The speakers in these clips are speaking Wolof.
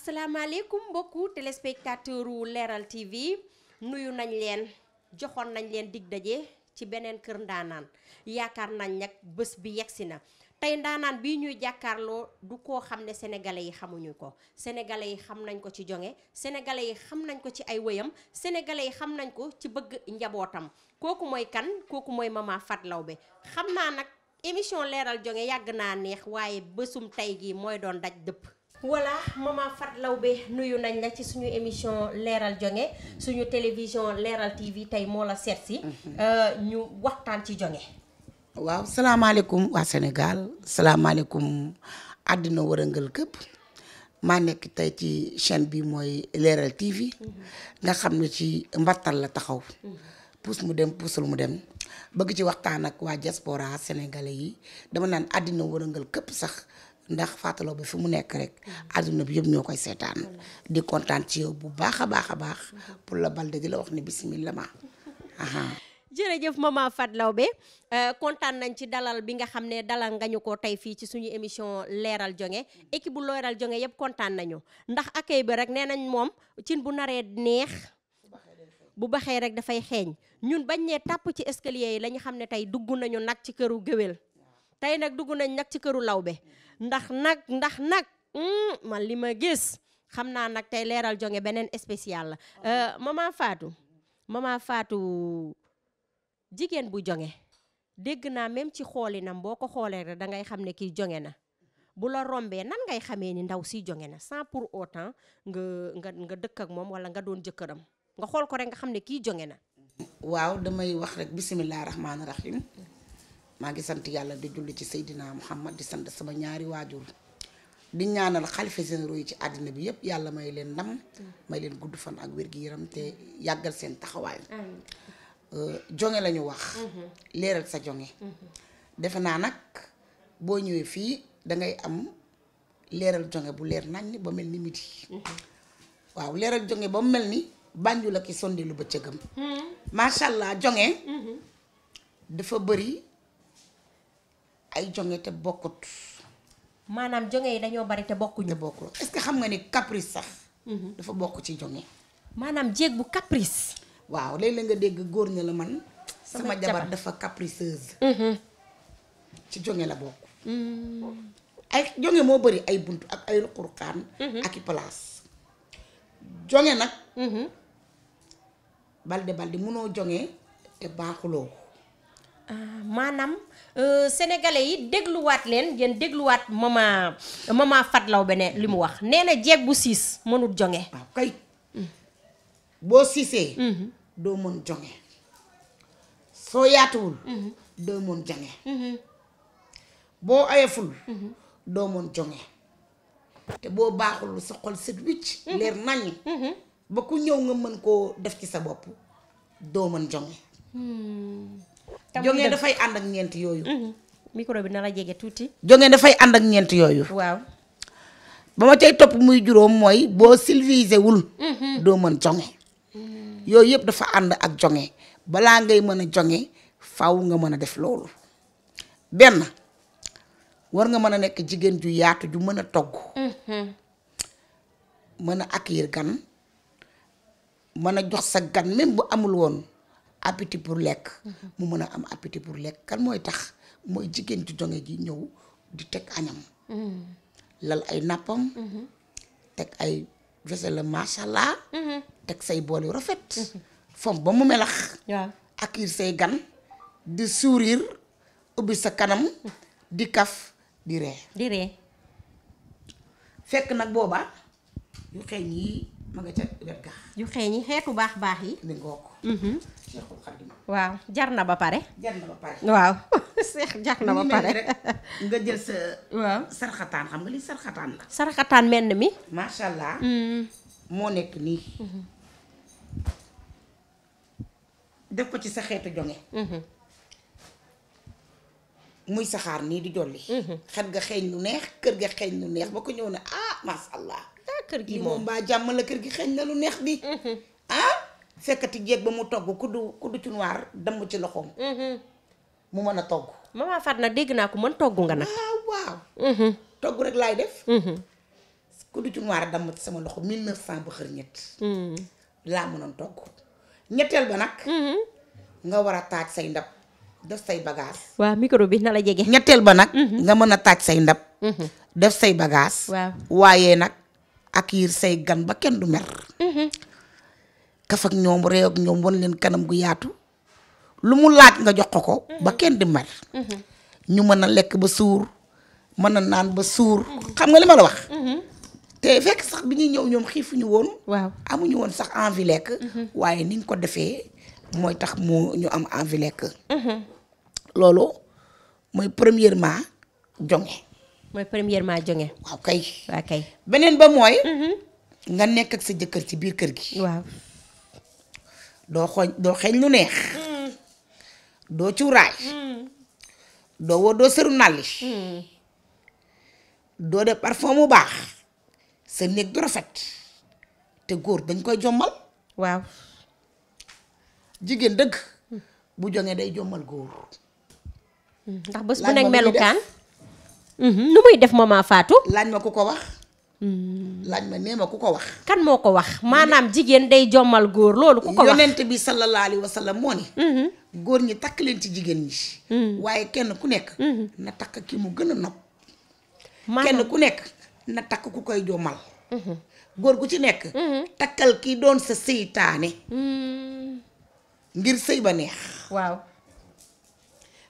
asalaamaaleykum mbokku téléspectateur wu Leral TV nuyu nañ leen joxoon nañ leen dig daje ci beneen kër ndaanaan yaakaar nañ nag bés bi yegsi na tey ndaanaan bii ñuy jàkkaarloo du koo xam ne sénégalais yi xamuñu ko sénégalais yi xam nañ ko ci jonge sénégalais yi xam nañ ko ci ay wëyam sénégalais yi xam nañ ko ci bëgg njabootam kooku mooy kan kooku mooy mamaa Fatou bi xam naa nag émission leeral jonge yàgg naa neex waaye bésum tey gi mooy doon daj dëpp voilà maman Fat Lawbe nuyu nañ la ci suñu émission leeral jonge suñu télévision leeral TV tey moo la seet si. Euh, ñu waxtaan ci jonge waaw salaamaaleykum waa Sénégal salaamaaleykum àddina wërëngal këpp maa nekk tey ci chaine bi mooy leeral TV mm-hmm. nga xam ne ci mbattal la taxaw. Mm-hmm. puus mu dem puusul mu dem bëgg ci waxtaan ak waa diaspora sénégalais yi dama naan àddina wërëngal këpp sax. ndax fàttaloo ba fi mu nekk rek àdduna bi yëpp ñoo koy seetaan di kontaan ci yow bu baax a baax a baax pour la balde di la wax ne bismillah ma jërëjëf maman Fatou Laobé euh, kontaan nañ ci dalal bi nga xam ne dalal nga ñu ko tey fii ci suñu émission leeral jonge équipe bu leeral jonge yëpp kontaan nañu ndax accueil bi rek nee nañ moom cin bu naree neex bu baxee rek dafay xeeñ ñun bañ nee tàpp ci escalier yi la xam ne tey dugg nañu nag ci këru géwél tey nag dugg nañ nag ci këru Laobé ndax nag ndax nag man li ma gis xam naa nag tey leeral jonge beneen spécial la ah. euh, maman Fatou maman faatu jigéen bu jonge dégg naa même ci xoolinam boo ko xoolee rek da ngay xam ne kii jonge na bu la rombee nan ngay xamee ni ndaw si jonge na sans pour autant nga nga nga dëkk ak moom wala nga doon jëkkëram nga xool ko rek nga xam ne kii jonge na waaw damay wax rek bisimilah rahmaani rahim maa ngi sant yàlla di julli ci Seydina Muhammad di sant sama ñaari waajur di ñaanal xalifa généraux yi ci àddina bi yëpp yàlla may leen ndam may leen gudd fan ak wér-gi-yaram te yàggal seen taxawaay euh, jonge lañu wax mhm. leeral sa jonge mhm. defe naa nag boo ñëwee fii dangay am leeral jonge bu leer nañ ba mel ni midi mhm. waaw leeral jonge ba mu mel ni Banjul ak i ba lu bëccëgam allah jonge dafa bëri ay jonge te bokkut. maanaam jonge yi dañoo bari te bokkuñu. te bokkul xam nga ni caprice sax. Mhm. dafa bokk ci jonge. maanaam jéeg bu caprice. waaw léeg-léeg nga dégg góor ne la man. sama jabar dafa capriceuse. Mhm. ci jonge la bokk. Mhm. ay jonge moo bëri ay bunt ak ay ruqurkaan ak i place jonge nag balde balde munoo jonge te baaxuloo maanaam euh, sénégalais yi dégluwaat leen yéen dégluwaat mama mama Fatlaw bene li mu wax neena na jeeg bu siis mënul jonge waaw kay boo siisee mhm. doo mën jonge soo yaatuwul mhm. doo mhm. boo ayeful doo mën jonge te boo baaxul sa xol set wicc leer naññ ba ku ñëw nga mën koo def ci sa bopp doo mën jonge hmm. jongeen dafay ànd ak ñeent yooyu. Mhm. micro bi na tuuti. jongeen dafay ànd ak ñeent yooyu. waaw. ba ma cay topp muy juróom mooy boo civilisé wul. Mhm. doo mën jonge yooyu yëpp dafa ànd ak jonge balaa ngay mën a jonge faw nga mën a def loolu. benn war nga mën a nekk jigéen ju yaatu ju mën a togg. Mhm. mën a accueillir gan mën a jox sa gan même bu amul woon. appétit pour lekk. mu mën a am appétit pour lekk kan mooy tax mooy jigéen ju jonge ji ñëw di teg añam. lal ay nappam. teg ay vaisselle macha allah. teg say bool rafet. fomp ba mu melax. waaw accueillir say gan. di sourire ubbi sa kanam. di kaf di ree. di ree. fekk nag booba yu xeeñ yi ma nga ca wet ga yu xeeñ xeetu baax baax yi mi ngoog mhm. waaw jar na ba pare jar na ba pare waaw seex jar na ba pare nga jël sa waaw sarxataan xam nga li sarxataan la sarxataan menn mi macha allah. Mm. moo nekk nii mhm. def ko ci sa xeetu jonge mhm. muy saxaar nii di jolli xet ga xeeñ lu neex kër ga xeeñ lu neex ba ko ñëw ne ah macha allah kër gi moom baa jàmm la kër gi xeeñ na lu neex bi mm-hmm. ah fekkati jeeg ba mu togg kuddu du ku du ci loxoom mm-hmm. mu mën a togg ma maman Fatma dégg naa ko man togg nga nag ah, waaw waaw mm-hmm. togg rek laay ci sama loxo mille neuf cent ba xër ñett laa togg ñetteel ba nag nga war a taaj say ndab def say bagaas waaw micro bi na la jege ñetteel ba nag nga mën a taaj say ndab def say bagage waaw waaye nag accueillir say gan ba kenn du mer. Mm-hmm. kaf ak ñoom réew ak ñoom wan leen kanam gu yaatu lu mu laaj nga jox ko ko mm-hmm. ba kenn di mer. Mm-hmm. ñu mën a lekk ba suur mën a naan ba suur. xam nga li ma la wax. te fekk sax bi ñuy ñëw ñoom xiifuñu woon. waaw amuñu woon sax envie lekk. waaye niñ ko defee mooy tax mu ñu am envie lekk. loolu mooy premièrement jonge mooy premièrement jonge waaw kay waaw kay beneen ba mooy mhm. nga nekk ak sa jëkkër ci biir kër gi waaw doo xooñ doo xeeñ lu neex mhm. doo cuuraay mhm. doo woo doo sëru nàlli doo def parfum mu baax sa néeg du rafet te góor dañ koy jommal waaw jigéen dëgg bu jonge day jommal góor ndax bés bu nekk melukaan Mhm. nu muy def maman Fatou. laaj ma ku ko wax. Hmm. laaj ma nee ma ku ko wax. kan moo ko wax maanaam jigéen day jommal góor loolu ku ko wax yonent bi sallallahu alayhi wa sallam moo ni. Mhm. góor ñi takk leen ci jigéen ñi. Hmm. waaye kenn ku nekk. Hmm. na takk ki mu gën a nopp. kenn ku nekk na takk ku koy jommal. Mhm. góor gu ci nekk. takkal ki doon sa seytaane. ngir sëy ba neex. waaw.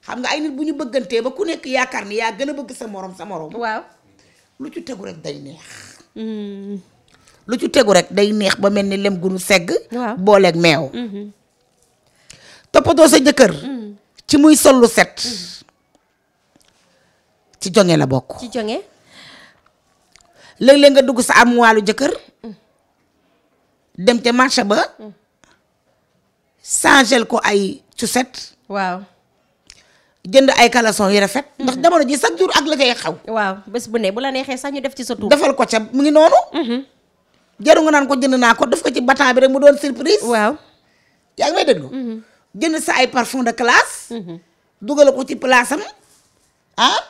xam nga ay nit bu ñu bëggantee ba ku nekk yaakaar ni yaa gën a bëgg sa moroom sa morom. waaw lu ci tegu rek day neex. Hmm. lu ci tegu rek day neex ba mel ni lem gunu segg. waaw booleeg meew. Hmm. toppatoo sa jëkkër. Hmm. ci muy sol lu set. ci jonge la bokk. ci leen nga dugg sa amuwaalu jëkkër. dem ca marché ba. changel ko ay su set. waaw. jënd ay caleçon yu fet mm-hmm. ndax jamono ji chaque jour ak la cay xaw. waaw bés bu ne bu la neexee sax ñu def ci sa tur. defal ko ca mu ngi noonu. Mm-hmm. jaru nga naan ko jënd naa ko def ko ci batan bi rek mu doon surprise. waaw yaa ngi may déglu. Mm-hmm. jënd sa ay parfum de classe. dugal ko ci place am ah.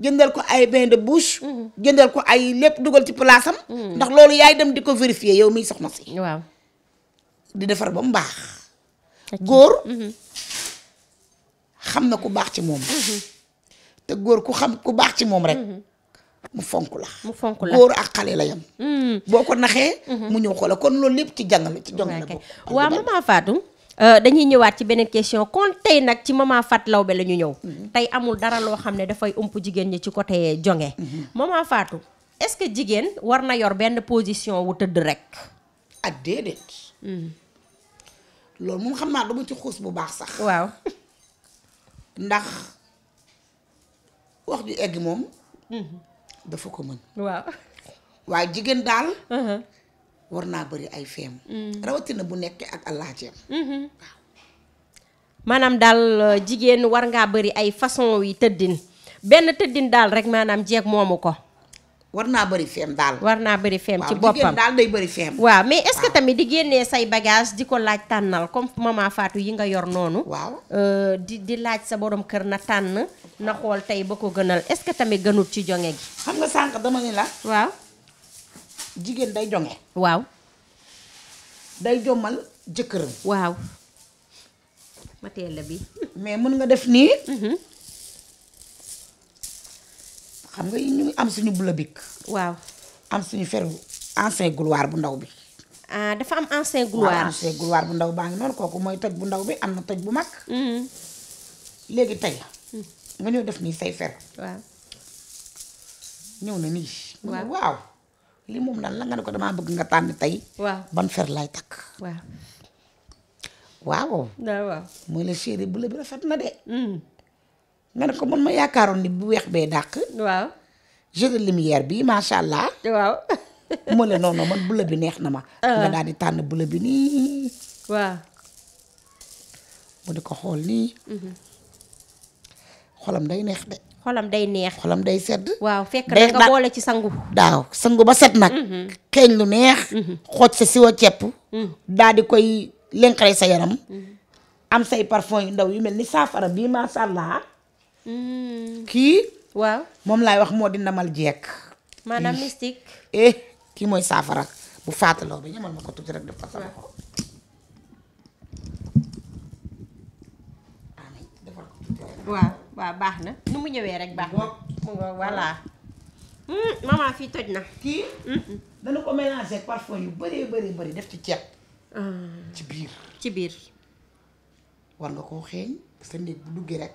jëndal ko ay bain de bouche. jëndal ko ay lépp dugal ci place am. ndax loolu yaay dem di ko vérifier yow miy soxna si. waaw di defar ba mu baax. góor. xam na ku baax ci moom. Mhm. te góor ku xam ku baax ci moom rek. Mhm. mu fonk la. mu fonk la góor ak xale la yam. Mhm. boo ko naxee. mu ñëw xoola kon loolu lépp ci jàngale ci jàngale ko. waaw maman euh, dañuy ñëwaat ci beneen question kon tey nag ci maman Fatou Laobé la ñu ñëw. tey amul dara loo xam ne dafay ëmp jigéen ñi ci côté jonge maman faatu est-ce que jigéen war na yor benn position wu tëdd rek. ak ah, déedéet. loolu moom xam naa dama ci xuus bu baax sax. waaw. ndax wax bi egg moom mhm. dafa ko mën waaw waaye jigéen daal uh-huh. war naa bari ay feem mm. rawatina bu nekkee ak allaajeem mm-hmm. waaw maanaam daal euh, jigéen war ngaa bari ay façon yi tëddin benn tëddin daal rek maanaam jeeg moomu ko war naa bëri feem daal. war naa bëri feem ci boppam day bëri feem. waaw mais tamit di génnee say bagage di ko laaj tànnal comme maman Fatou yi nga yor noonu. waaw euh, di di laaj sa borom kër na tànn na xool tey ba ko gënal est-ce que tamit gënut ci jonge gi. xam nga sànq dama ni la. waaw. jigéen day jonge. waaw. day jommal jëkkëram. waaw. mateel la bi. mais mën nga def nii. Mm-hmm. xam nga ñu am suñu bula bik waaw am suñu feru ancien gloire bu ndaw bi. ah dafa am ancien gloire waaw bu ndaw baa ngi noonu kooku mooy toj bu ndaw bi am na toj bu mag. Mm-hmm. léegi tey. Mm. nga ñëw def nii say fer. ñëw na nii. waaw waaw. li moom lan la nga ne ko damaa bëgg nga tànn tey. ban fer lay takk. waaw. mooy la chérie bu la bi na de. Mm. nga ne ko man ma yaakaaroon ni bu weex bee dàq. waaw jeu bii lumière macha allah. waaw. mu ne noonu man bula bi neex na ma. Ah. nga daal di tànn bula bi nii. waaw. mu di ko xool nii. Mhm. xolam day neex de. xolam day neex. day sedd. waaw fekk na ci sangu. daaw sangu ba set nag. Mhm. xeeñ lu neex. Mhm. xooj sa siwa cepp. daal di koy lenqare sa yaram. am say parfum yu ndaw yu mel ni saafara bii macha allah. Mm. kii. waaw moom laay wax moo di ndamal jekk. maanaam mystique. eh kii mooy saafara bu faataloo bi ñamal ma ko tuuti rek def ko sama ko. waaw waaw baax na nu mu ñëwee rek baax na voilà. Mm, maman fii toj na. kii. dana ko mélanger parfum yu baree bëri bari def ci ceeb. Ah. ci biir ci biir. war nga koo xeeñ sa néeg bu duggee rek.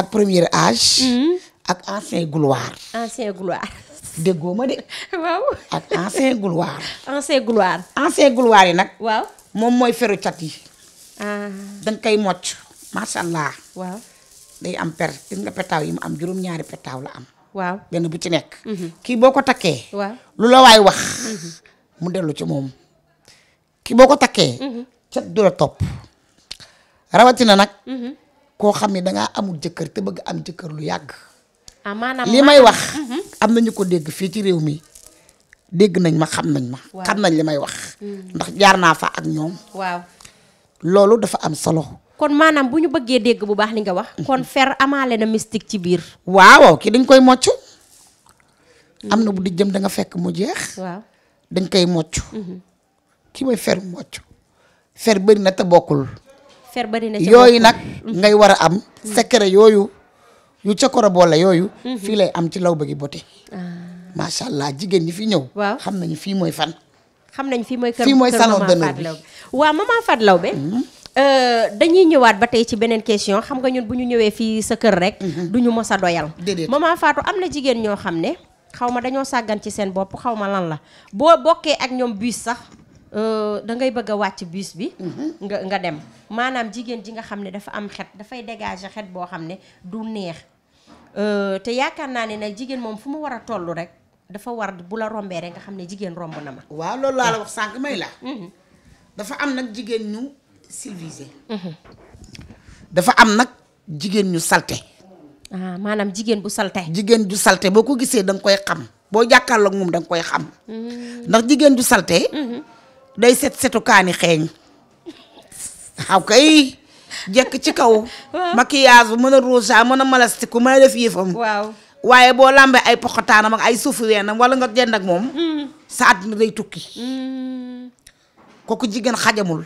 ak premier âge. Mm-hmm. ak ancien gloire. ancien déggoo ma de. waaw ak ancien gloire. ancien gloire. ancien gloire yi nag. waaw moom mooy feru cat yi. Ah. da nga koy mocc macha allah. waaw day am per gis nga petaaw yi mu am juróom-ñaari petaaw la am. benn bu ci nekk. Mm-hmm. kii boo ko takkee. waaw lu la waay wax. Mm-hmm. mu dellu ci moom. kii boo ko takkee. cat du la topp. rawatina nag. koo xam ne dangaa amul jëkkër te bëgg am jëkkër lu yàgg. Ah, li may wax. Mhm. am na ñu ko dégg fii ci réew mi dégg nañ ma xam nañ ma. xam nañ li may wax. Mm. ndax jaar naa fa ak ñoom. waaw loolu dafa am solo. kon maanaam bu ñu bëggee dégg bu baax li nga wax. kon fer amaale na mystique ci biir. waaw kii dañ koy mocc. Mm. am na bu di jëm danga fekk mu jeex. dañ koy mocc. Mm-hmm. ki mooy fer mocc. fer bëri na te bokkul. fer bari na ci yooyu nag mm-hmm. ngay war a am mm-hmm. secret yooyu yu ca koro boole yooyu mm-hmm. fii lay am ci law ba gi bote ah. macha allah jigéen ñi fi ñëw waaw xam nañu fii mooy fan xam nañ fii mooy kër fii mooy salon d'honneur bi waaw maman Fatou Laobé euh, dañuy ñëwaat ba tey ci beneen question xam nga ñun bu ñu ñëwee fii sa kër rek du ñu mos a doyal maman Fatou am na jigéen ñoo xam ne xaw ma dañoo sàggan ci seen bopp xaw ma lan la boo bokkee ak ñoom bus sax Euh, da ngay bëgg a wàcc biis bi. Mhm. nga nga dem maanaam jigéen ji nga xam ne dafa am xet dafay dégager xet boo xam ne du neex euh, te yaakaar naa ne nag jigéen moom fu mu war a toll rek dafa war bu la rombee rek nga xam ne jigéen romb na ma. waaw loolu laa la sànq may la. Mhm. dafa am nag jigéen ñu civilisé. Mhm. dafa am nag jigéen ñu salte. ah maanaam jigéen bu salte. jigéen ju salte boo ko gisee danga koy xam boo jàkkaarloog moom da nga koy xam. ndax jigéen ju salte. day set setu kaani xeeñ xaw kay jekk ci kaw maquillage bu mën a rouge mën a malastiku mën a def yëfam waaw waaye boo lambee ay poqataanam ak ay suufu weenam wala nga jënd ak moom mm. sa àddina day tukki mm. kooku jigéen xajamul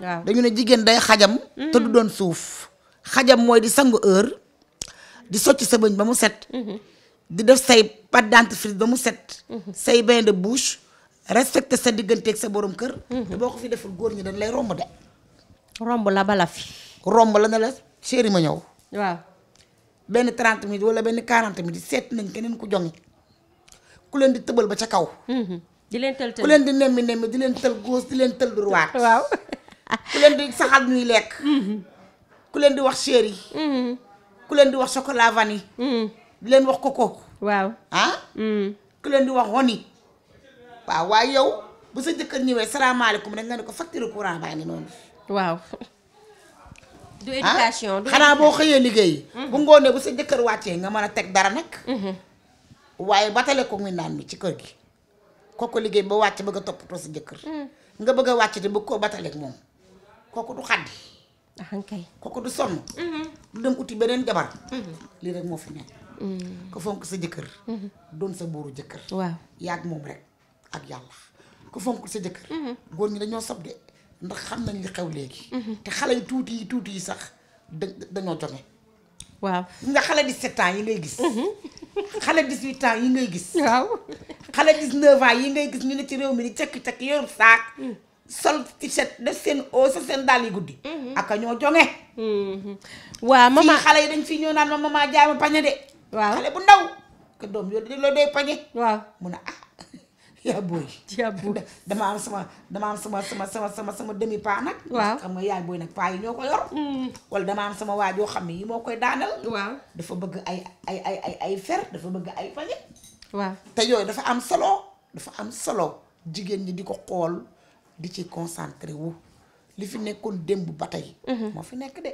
waaw dañu ne jigéen day xajam te du mm. doon suuf xajam mooy di sangu heure di socc sa bëñ ba mu set mm-hmm. di def say pâte dentifrice ba mu set mm-hmm. say bain de respecté sa digganteeg sa borom kër. Mhm. te boo ko fi deful góor ñi dañ lay romb de. romb la bala fi. romb la ne la chéri ma ñëw. waaw. benn 30 minutes wala benn 40 minutes seet nañ keneen ku joŋi ku leen di tëbal ba ca kaw. Mhm. di leen tël tël ku leen di nemmi nemmi di leen tël góos di leen tël waaw ku leen di saxal ñuy lekk. Mhm. ku leen di wax chéri. ku leen di wax chocolat vanille. di leen wax coco. waaw ah. ku leen di wax honey. waaw waaye yow bu sa jëkkër ñëwee salaamaaleykum rek nga ne ko facture courant baa ngi noonu. waaw. du éducation du ah, xanaa boo xëyee liggéey. Mhm. bu ngoonee bu sa jëkkër wàccee nga mën a teg dara nag. Mhm. waaye batale ko muy naan mi ci kër gi. kooku liggéey ba wàcc bëgg a toppatoo sa jëkkër. Mhm. nga bëgg a wàcc te bëgg koo bataleeg moom kooku du xaddi. Ah, kay kooku du sonn. du dem uti beneen jabar. lii rek moo fi nekk. ko fonk sa jëkkër. doon sa buuru jëkkër. waaw ak yàlla ku fonkul sa jëkkër mhm. góor ñi dañoo sab de ndax xam nañ li xew léegi mhm. te xale yi tuuti yi tuuti yi sax da dañoo jonge waaw nga xale 17 ans yi ngay gis mhm. xale 18 ans yi ngay gis waaw xale 19 ans yi ngay gis ñu ci réew mi di cekk-cekk yor saak sol t-shirt def seen o sa ñoo jonge waaw mama xale yi dañ fi ñoo naan ma mama jaay ma pañe de waaw xale bu ndaw ke doom yoo loolu day pañe waaw mun a ah yaa booy. yaa booy dama am sama dama am sama sama sama demi paa nag. waaw xam nga yaay booy nag paa yi ñoo ko yor. Hmm. wala dama am sama waajoo xam ne yi moo koy daanal. waaw dafa bëgg ay ay ay ay ay fer dafa bëgg ay pañe. waaw te yooyu dafa am solo dafa am solo jigéen ñi di ko xool di ci concentré wu li fi nekkoon démb ba tey. Mhm. moo fi nekk de.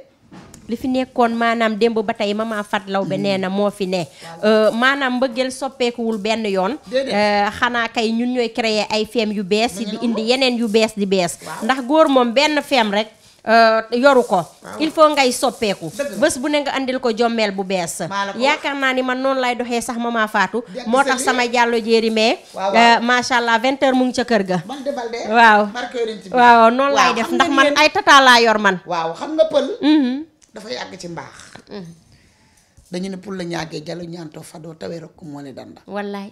li fi nekkoon maanaam démb ba tey mama Fat Lawbe mm-hmm. nee na moo fi ne euh, maanaam mbëggeel soppeekuwul benn yoon euh, xanaa kay ñun ñooy créer ay feem yu bees yi di indi yeneen yu bees di bees ndax góor moom benn feem rek euh, yoru ko il faut ngay soppeeku bés bu ne nga andil ko jommeel bu bees yaakaar naa ni man noonu lay doxee sax ma mama faatu moo tax sama jàllo jéeri mais macha allah vingt heures mu ngi ca kër ga waaw waaw lay def ndax man ay tata yor man waaw xam nga dafa yàgg ci mbaax. Mm. dañu ne pour la ñaagee jalu ñaantoo fadoo tawee rek moo ne danda. wallaay.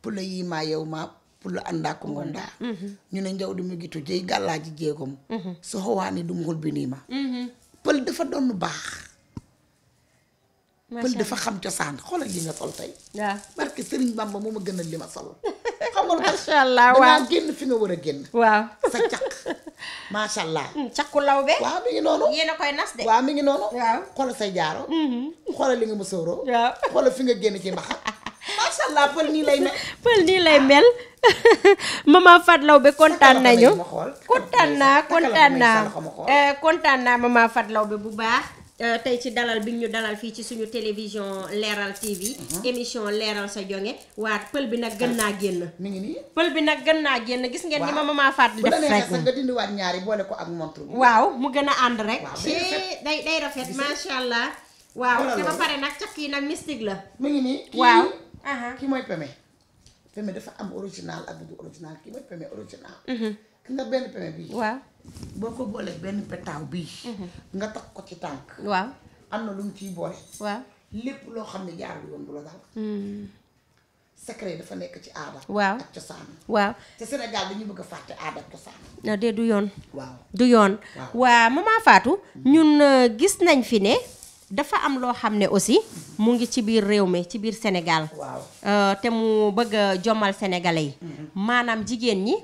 pour la yii ma yow ma pour la àndaa ko ngondaa. Mm-hmm. ñu ne njaw di mu gitu jëy gàllaa ji jéegoom. Mm-hmm. soxowaani du ngul bi nii ma. Mm-hmm. pël dafa doon baax. pël dafa xam cosaan xoolal li nga sol tey. waaw barke Serigne Bamba moo ma gënal li ma sol. xam nga lu génn fi nga war a génn. waaw sa caq. macha allah. Hmm, càkku law be. waaw mi ngi noonu. yéen koy nas de. waaw mi ngi noonu. waaw xoolal say jaaro. Mhm. xoolal li nga mu sóoroo. waaw xoolal fi nga génn ci mbaxa. macha allah pël nii lay mel. pël nii lay mel. kontaan nañu kontaan naa eh, kontaan naa kontaan naa maman Fatou Laobé bu baax. Euh, tey ci dalal bi ñu dalal fii ci suñu télévision leeral TV. Uh-huh. émission leeral sa jonge waa pël bi nag gën naa génn. mi ngi nii pël bi nag gën naa génn gis ngeen ni ma mama faat di def rek nga dindiwaat ñaari boole ko ak montre waaw mu gën a ànd rek. day day rafet macha allah. waaw te ba pare nag caq yi nag mystique la. mu ngi nii waaw kii mooy peme. peme dafa am original ak bu original kii mooy peme original. ki mhm. nga benn peme bii waaw. boo ko boolee benn pétaaw bii. Mhm. nga takk ko ci tànk. waaw am na lu mu ciy boole. waaw lépp loo xam ne jaarul yoon bu la daal. Mhm. secret dafa nekk ci aada. waaw ak waaw te Sénégal dañu bëgg a fàtte aada cosaan. de du yoon. waaw du yoon. waaw ma faatu ñun euh, gis nañ fi ne. dafa am loo xam ne aussi mu ngi ci biir réew mi ci biir senegal waaw euh, te mu bëgg a jommal sénégalais yi. Mhm. maanaam jigéen ñi.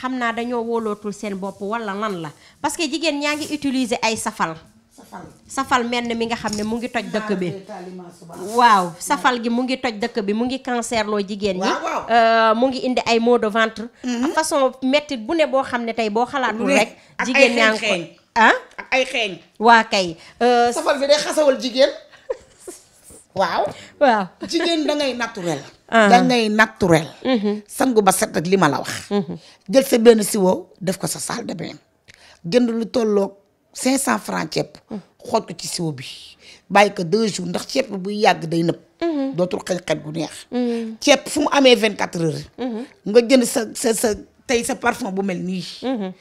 xam naa dañoo wóolootul seen bopp wala lan la parce que jigéen ñaa ngi utiliser ay safal safal mel mi nga xam ne mu ngi toj dëkk bi waaw safal gi mu ngi toj dëkk bi mu ngi cancer loo jigéen ñi euh, mu ngi indi ay maux de ventre mhm. façon mettit bu ne boo xam ne tey boo xalaatul rek jigéen ñaa ngi ko ah ak ay xeeñ waa kay euh, safal bi day xasawal jigéen waaw waaw jigéen dangay naturel Ah. da ngay naturel. Mhm. sangu ba set ak li ma la wax. Mhm. jël sa benn siwo def ko sa salle de bain jënd lu tolloog cent francs ceeb. Mhm. xool ci siwo bi bàyyi ko 2 jours ndax ceeb bi buy yàgg day nëb. dootul xëy gu neex. ceeb fu mu amee quatre heures. nga jënd sa sa sa tey sa parfum bu mel nii.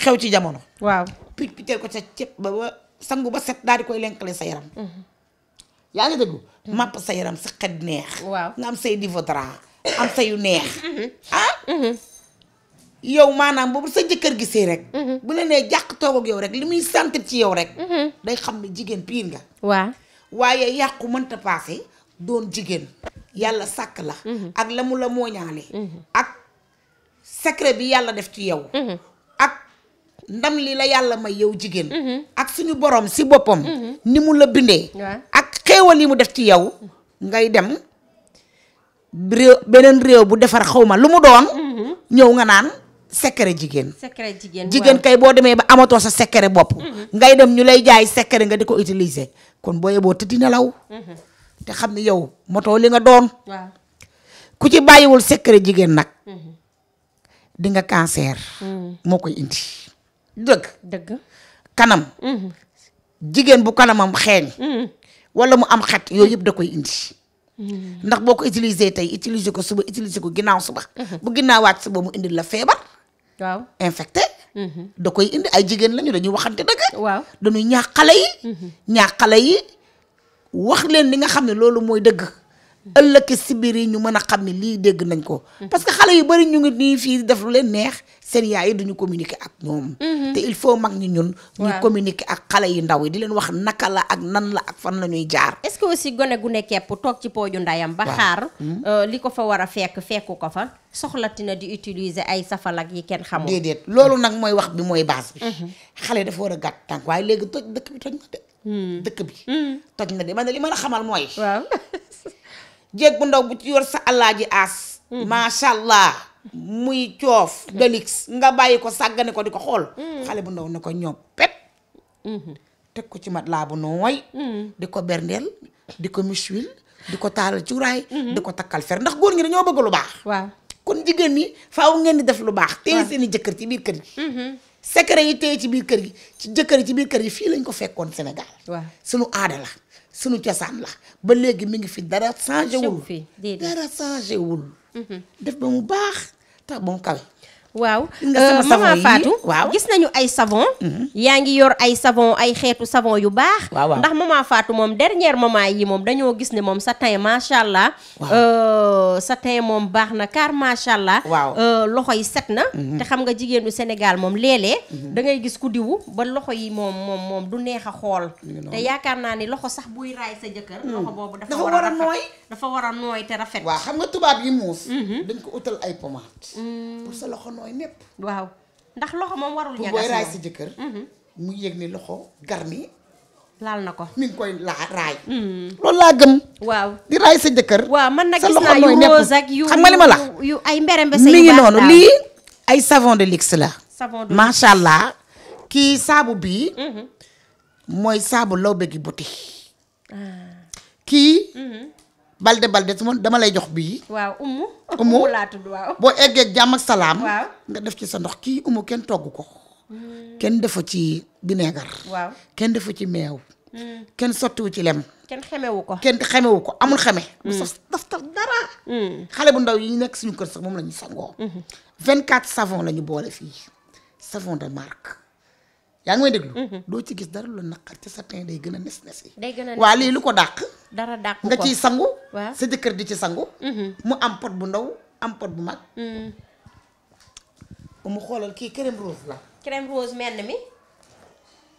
xew ci jamono. waaw picc picceel ko sa ceeb ba ba sangu ba set daal di koy lenkale sa yaram. yaa ngi dégg. màpp sa yaram sa xet neex. waaw nga am say déodorant am sa yu neex. Mm-hmm. ah. Mm-hmm. yow maanaam boobu sa jëkkër gisee rek. Mm-hmm. bu la nee jàq toog ak yow rek li muy sentir ci yow rek. day xam ne jigéen piir nga. waaw waaye yàqu mënta paase doon jigéen. yàlla sàkk la. ak la mu la mooñaale. ak secret bi yàlla def ci yow. ak ndam li la yàlla may yow jigéen. ak suñu borom si boppam. ni mu la bindee. ak xéewal yi mu def ci yow ngay dem réew beneen réew bu defar xaw ma lu mu doon mm-hmm. ñëw nga naan secret jigéen jigéen kay boo demee ba amatoo sa secret bopp mm-hmm. ngay dem ñu lay jaay secret nga di ko utiliser kon boo yeboo tëddi nelaw mm-hmm. te xam ne yow motoo li nga doon ku ci bàyyiwul secret jigéen nag di nga mm. moo koy indi dëgg kanam jigéen bu kanamam xeeñ wala mu am xet yooyu yëpp da koy indi. Hmm. ndax boo ko utiliser tey utiliser ko suba utiliser ko ginnaaw suba. Uh-huh. bu ginnaawaat suba mu indi la feebar. waaw infecté. Uh-huh. da koy indi ay jigéen lañu dañuy waxante dëgg. waaw dañuy ñaax xale yi. Uh-huh. ñaax xale yi wax leen li nga xam ne loolu mooy dëgg. ëllëg si biir yi ñu mën a xam ne lii dégg nañ ko. parce que xale yu bari ñu ngi nii fii def lu leen neex seen yaay yi duñu communiquer ak ñoom. Mhm. te il faut mag ñi ñun. ñu communiqué ak xale yu ndaw yi di leen wax naka la ak nan la ak fan la ñuy jaar. est-ce que aussi gone gu ne kepp toog ci pooju ndayam. ba xaar hmm? euh, li ko fa war a fekk fekku ko fa. soxlatina di utiliser ay safalak yi kenn xamul. déedéet loolu nag mooy wax bi mooy base bi. Mhm. xale dafa war a gàtt tànk waaye léegi toj dëkk bi dëkk bi. toj na de hmm. hmm. li ma la xamal mooy. jéeg bu ndaw bu ci yor sa ji aas mm-hmm. macha allah muy coof mm-hmm. delix nga bàyyi ko sàggane ko di ko xool mm-hmm. xale bu ndaw ne ko ñoom pet teg ko ci mat laa bu nooy di ko berndeel di ko miswil di ko taalal cuuraay di ko takkal fer ndax góor ñi dañoo bëgg lu baax waaw kon jigéen ñi faaw ngeen di def lu baax téye seen i jëkkër ci biir kër gi sekere yi téye ci biir kër gi ci jëkkër yi ci biir kër yi fii lañ ko fekkoon Sénégal waaw sunu aada la suñu cosaan la ba léegi mi ngi fi dara changé wul dara changé wul mhm. def ba mu baax tax ba mu waaw euh, maman Fatou waaw gis nañu ay savon mm-hmm. yaa ngi yor ay savon ay xeetu savon yu baax ndax maman faatu moom dernier moment yi moom dañoo gis ne moom sa teint macha allah euh, sa teint moom baax na car macha allah waaw euh, loxo yi set na mm-hmm. te xam nga jigéenu Sénégal moom léeg-léeg mm-hmm. da ngay gis ku diwu ba loxo yi moom moom moom du neex a xool te yaakaar naa ni loxo sax buy raay sa jëkkër mm. loxo boobu dafa war a nooy dafa war a nooy te rafet waaw xam nga tubaab yi muus dañ ko utal ay pommade mm. mooy népp waaw ndax loxo moom warul ñagas booy raay si jëkkër mhm. mu yëg ni loxo gar mi laal na ko mi ngi koy laa raay mhm. loolu laa gëm waaaaw di raay sa jëkkër waaw man nag gis yu rose yu xam nga li la ay mberembe sa mi ngi noonu lii ay savon de luxe la savon de macha allah kii saabu bii mhm. mooy saabu lawbe gi buti ah. kii balde balde su ma dama lay jox bii. waaw umu. umu boo eggee jàmm salaam. waaw nga def ci sa ndox kii umu kenn togg ko. kenn defa ci vinaigre. waaw kenn defu ci meew. Hmm. kenn sottiwu ci lem. kenn xemewu ko kenn xemewu ko amul xeme. bu hmm. saf daftal dara. Hmm. xale bu ndaw yi nekk suñu kër sax moom la ñu sangoo. 24 savon la ñu boole fii savon de marque. yaa ngi may déglu. doo ci gis dara lu naqar ci sa teint day gën a nes nes yi. waa lii lu ko dàq. dara dàq ko nga ciy sangu. waaw sa jëkkër di ci sangu. Mhm. mu am pot bu ndaw am pot bu mag. Mhm. mu xoolal kii crème rose la. crème rose menn mi.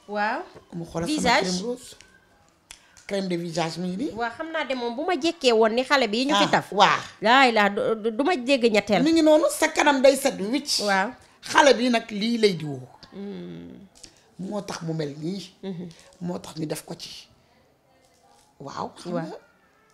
waaw. mu xoolal sama crème rose. visage mi ngi nii. waaw xam naa de moom bu ma jekkee woon ni xale bi ñu fi ah, taf. waaw laay laa du ma jégg ñetteel. mi ngi noonu sa kanam day set wicc. waaw xale bi nag lii lay diwoo. Mm. moo tax mu mel nii. Mhm. moo tax ñu def ko ci. waaw xam nga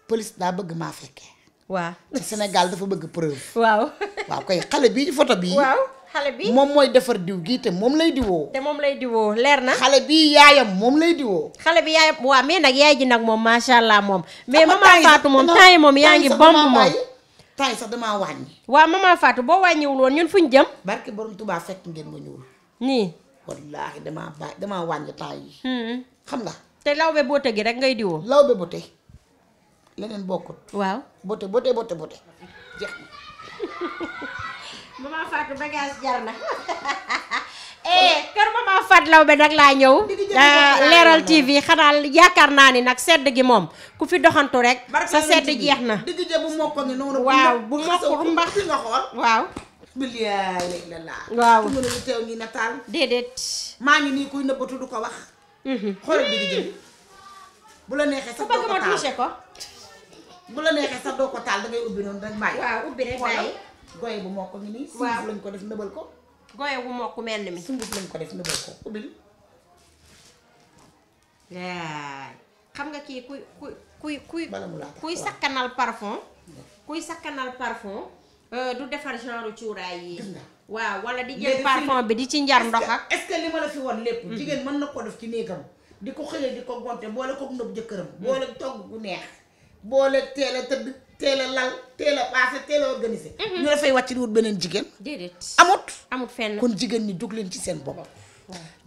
police daa bëgg maa fekkee. waa te Sénégal dafa bëgg preuve. waaw waaw kay xale bii ci photo bii. waaw xale bi moom mooy defar diw gii te moom lay diwoo. te moom lay diwoo leer na. xale bi yaayam moom lay diwoo. xale bi yaayam waaw mais nag yaay ji nag moom macha moom. mais maman Fatou moom temps yi moom yaa ngi bomb moom. temps yi sax damaa wàññi. waaw maman Fatou boo wàññiwul woon ñun fu ñu jëm. barke borom Tuubaa fekk ngeen ma ñëwul. nii. wallaahi damaa ba damaa wàññi temps yi. Hmm. xam nga. te lawbe boote gi rek ngay diwoo. lawbe boote leneen bokkut. waaw boote boote boote boote jeex na. maman Fatou bagage jar na. Eh, oh. kër maman Fatou lawbe nag laa ñëw. Ah, leeral TV xanaa yaakaar naa ni nag sedd gi moom ku fi doxantu rek. sa sedd jeex na. digg bu mokk ni mbax waaw. déedéet. maa ngi nii kuy nëbbatu du ko wax. Mm-hmm. xoolal bi bu la neexee sax doo ko taal la neexee sax ko taal dangay ubbi noonu rek bàyyi waaw ubbi rek bàyyi goye bu mokk mi nii sunguf lañ ko def nëbal ko goye bu mokk mel mi sunguf lañ ko def nëbal ko ubbil waay xam nga kii kuy kuy kuy kuy kuy sakkanal parfum kuy sakkanal parfum du defar genre cuuraay yi waaw wala di jël parfum bi di ci njar ndox ak. est-ce que li ma la fi woon lépp. Mm-hmm. jigéen mën na koo def ci néegam. di ko xëyee di ko gonte boole ko nëb jëkkëram. Mm-hmm. boole togg bu neex. boole a tëdd teel a lal teel a mm-hmm. beneen jigéen. déedéet amut. amut fenn kon jigéen ñi jóg leen ci seen bopp.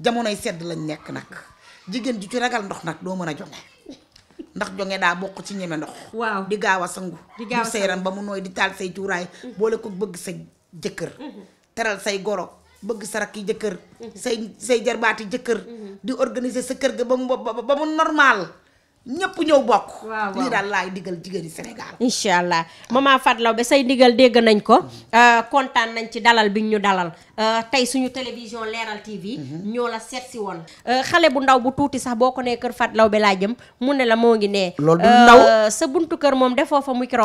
jamonoy sedd lañ nekk nag. jigéen ju ci ragal ndox nag doo mën a joxe. ndax jonge daa bokk ci ñeme ndox. waaw di gaaw a sangu. di gaaw a sangu ba mu nooy di taal say cuuraay. boole ko bëgg sa jëkkër. teral say goro bëgg sa rakki jëkkër mhm. say say jarbaati jëkkër mhm. di organiser sa kër ga ba mu ba mu normal ñëpp ñëw bokk. waaw lii daal laay digal jigéen yi Sénégal. incha allah maman Fatou Laobé say digal dégg nañ ko euh, kontaan nañ ci dalal bi ñu dalal euh, tey suñu télévision Leral TV. Mhm. ñoo la seet si woon. Euh, xale bu ndaw bu tuuti sax boo ko nee kër Fatou Laobé laa jëm mu ne la moo ngi nee. loolu du sa buntu kër moom defoo fa micro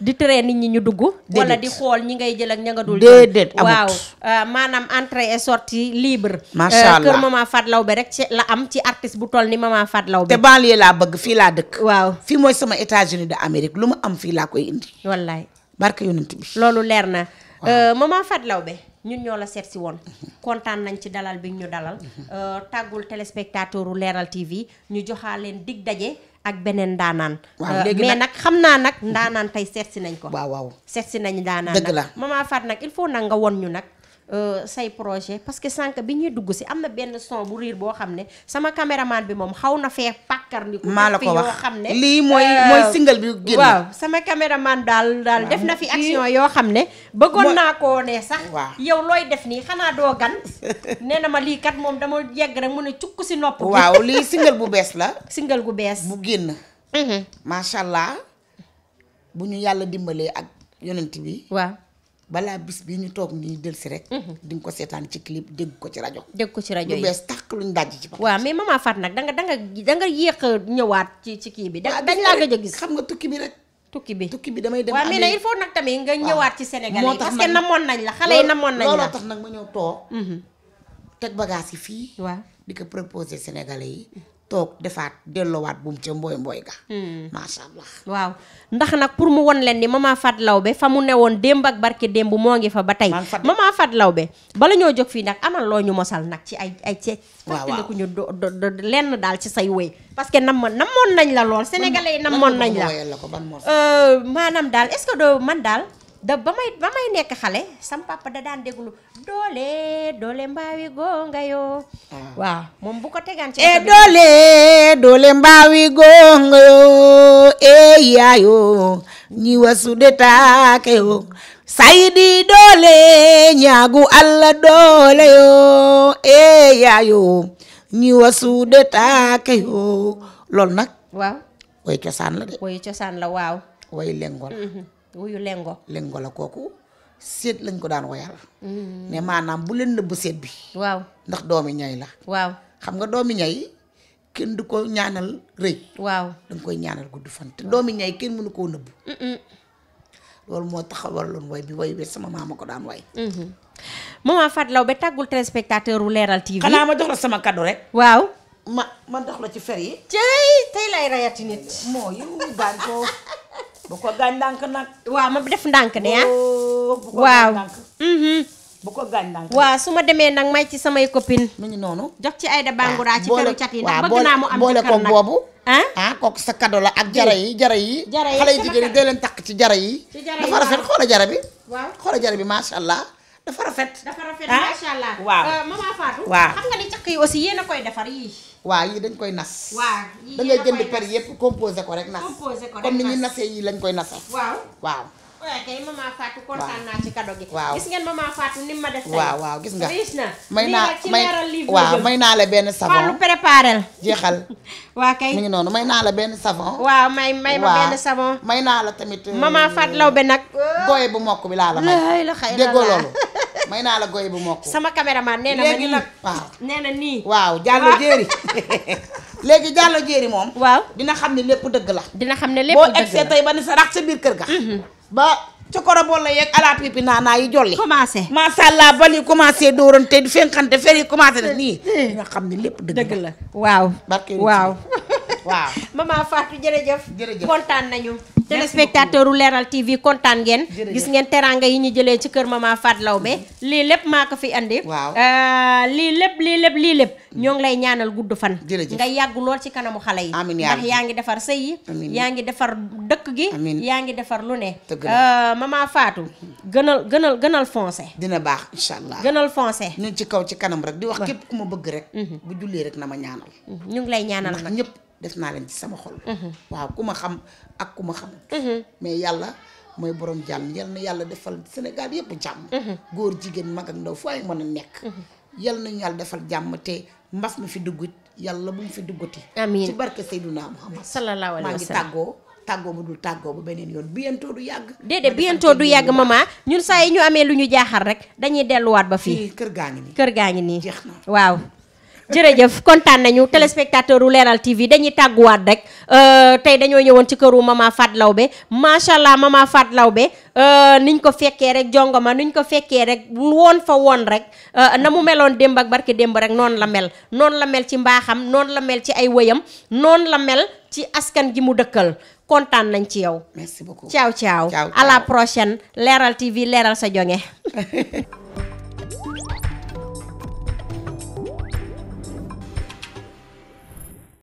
di tere nit ñi ñu dugg. wala di xool ñi ngay jël ak ña nga dul. déedéet amut waaw maanaam entrée et sortie libre. macha allah kër maman Fatou Laobé rek la am ci artiste bu toll ni maman Fatou Laobé. te banlieue laa bëgg fii laa dëkk. waaw fii mooy sama États-Unis de Amérique lu ma am fii laa koy indi. wallaay barke yonent bi. loolu leer na ma euh, maman Fatou Laobé ñun ñoo la seet si woon kontaan nañ ci dalal bi ñu dalal mhm. euh, tàggul téléspectateur u Leeral TV ñu joxaa leen dig daje ak beneen ndaanaan euh, mais nag xam naa nag ndaanaan tey seet si nañ ko waaw waaw seet nañ ndaanaan dëgg la maman Fatou nag il faut nag nga won ñu nag Euh, say projet parce que sànq bi ñuy dugg si am na benn son bu riir boo xam ne sama caméraman bi moom xaw na fee pàkkar ni ko maa la ko wax xam ne lii mooy euh, mooy single bi génn waaw sama caméraman daal daal def na fi action yoo xam ne bëggoon naa koo ne sax waaw yow looy def nii xanaa doo gan nee na ma lii kat moom dama yegg rek mu ne cukk si nopp waaw lii single bu bees la single bu bees bu génn mhm. macha allah bu ñu yàlla dimbalee ak yonent bi waaw balaa bis bi ñu toog nii del si rek. Mhm. di nga ko seetaan ci clip dégg ko ci rajo. dégg ko ci rajo yi lu bees tàkk luñ daj ci. waaw mais maman Fatou nag da nga da nga da nga yéex a ñëwaat ci ci kii bi. da dañ laa gëj a gis xam nga tukki bi rek. tukki bi tukki bi damay dem. waaw mais nag il faut nag tamit nga ñëwaat ci Sénégal yi parce que namoon nañ la xale yi namoon nañ la looloo tax nag ma ñëw toog. Mhm. teg bagage yi fii. waaw di ko proposé Sénégalais yi mhm. toog defaat delloowaat bu mu ca mbooy mbooy ga macha allah waaw ndax nag pour mu won leen ni Mama Fat Laobé fa mu newoon démb ak barke démb moo ngi fa ba tey Mama Fat Laobé bala ñoo jóg fii nag amal loo ñu mosal nag ci ay ay ci fàttaliku ñu do lenn daal ci say woy parce que nam namoon nañ la lool sénégalais yi namoon nañ la maanaam daal est-ce que doo man daal da ba may ba may nekk xale sam papa da daan déglu doole doole mbaawi gonga yoo ah. waaw moom bu ko tegaan ci e doole doole mbaawi gonga yoo e eh, yaayo ñi wasude taake yoo saydi doole ñaagu alla doole yoo e eh, yaayo ñi wasude taake yoo loolu nag waaw woy cosaan la de woy cosaan la waaw woy lengo mm-hmm. wuyu lengo lengo la kooku seet lañ ko daan woyal ne maanaam bu leen nëbb seet bi waaw ndax doomi ñay la waaw xam nga doomi ñay kenn du ko ñaanal rëy waaw danga koy ñaanal gudd fan te doomi ñay kenn mënu koo nëbb loolu moo taxawaloon way bi way bi sama maama ko daan way mm-hmm. maman Fatou Laobé tàggul téléspectateur wu Leral TV xanaa ma jox la sama kaddu rek waaw ma ma dox la ci fer yi tey tey lay rayati nit moo yu baan ko bu ko gaañ ndànk nag. waaw ma def ndànk de ah. Oh, waaw. Mm-hmm. bu ko gaañ ndànk. waaw su ma demee nag may ci samay copine mu ngi noonu jox ci ay Bangoura ci këru cat yi ndax bëgg naa mu am boole ko boobu. Ah? ah kooku sa kado la ak jara yi jara yi. jara yi xale yi jigéen ñi leen takk ci jara yi. ci jara yi dafa rafet xoola jara bi. waaw xoola jara bi macha allah. dafa rafet dafa rafet ah? macha allah. waaw euh, maman Fatou. xam nga ni caq yi aussi yéen a koy defar yi waa yi dañ koy nas. waaw yii da ngay jënd per yëpp composé ko rek nas. composé nasee yii lañ koy nasal. waaw waaw. waaw kay waaw gis ngeen maman ma def. waaw waaw gis na. may naa may waaw naa la benn savon. wàllu préparé la. jeexal. ngi noonu may naa la benn savon. waaw may may ma benn may naa la tamit. maman euh, Fatou nag. gooy bu mokk bi laa la may. déggoo loolu. may naa la goy bu mokk sama caméraman nee na ma nee na nii waaw jàllo jéeri ah. léegi jàllo jéeri moom waaw dina xam ne lépp dëgg la dina xam ne lépp dëgg la ba ni sa rax sa biir kër ga mm-hmm. ba cokoro bool la yeeg ala pipi naanaa yi jolli macha allah bal yi commencé dóorante di fenqante fer yi commencé na eh, nii eh. dina xam ne lépp dëgg la waaw barke waaw waaw maman Fatou jërëjëf jërëjëf kontaan nañu téléspectateur u Leral TV kontaan ngeen gis ngeen teranga yi ñu jëlee ci kër Mama Fat Lawbe mm-hmm. lii lépp maa ko fi andi waaw euh, lii lépp lii lépp lii lépp mm-hmm. ñoo ngi lay ñaanal gudd fan nga yàgg lool ci kanamu xale yi ndax yaa ngi defar sëy yi yaa ngi defar dëkk gi yaa ngi defar lu ne euh, Mama Fatou gënal gënal gënal foncé dina baax incha allah gënal foncé ñun ci kaw ci kanam rek di wax képp ku ma bëgg rek mm-hmm. bu jullee rek na ma ñaanal ñu ngi lay ñaanal nag ñëpp def naa leen ci sama xol. Mhm. waaw ku ma xam ak ku ma xamut. Mhm. mais yàlla mooy borom jàmm yal na yàlla defal Sénégal yëpp jàmm. Mhm. góor jigéen mag ak ndaw fu ay mën a nekk. yal nañu yàlla defal jàmm te mbas mi fi dugg yàlla bu mu fi duggati. amiin ci barke Seydouna Muhammad. sallallahu alayhi wa sallam maa ngi tàggoo. tàggoo bu dul tàggoo bu beneen yoon bientôt du yàgg. déedéet bientôt ñun saa yi ñu amee lu ñu jaaxal rek dañuy delluwaat ba fii. kër gaa ngi nii kër gaa ngi nii. waaw. jërëjëf kontaan nañu téléspectateur u Leral TV dañuy tàgguwaat rek euh, tey dañoo ñëwoon ci këru mama Fat Lawbe macha allah mama Fat Lawbe euh, niñ ko fekkee rek jongoma niñ ko fekkee rek woon fa woon rek euh, na mu meloon démb ak barke démb rek noonu la mel noonu la mel ci mbaaxam noonu la mel ci ay wëyam noonu la mel ci askan ji mu dëkkal kontaan nañ ci yow. merci beaucoup ciao ciao. à la prochaine Leral TV leeral sa jonge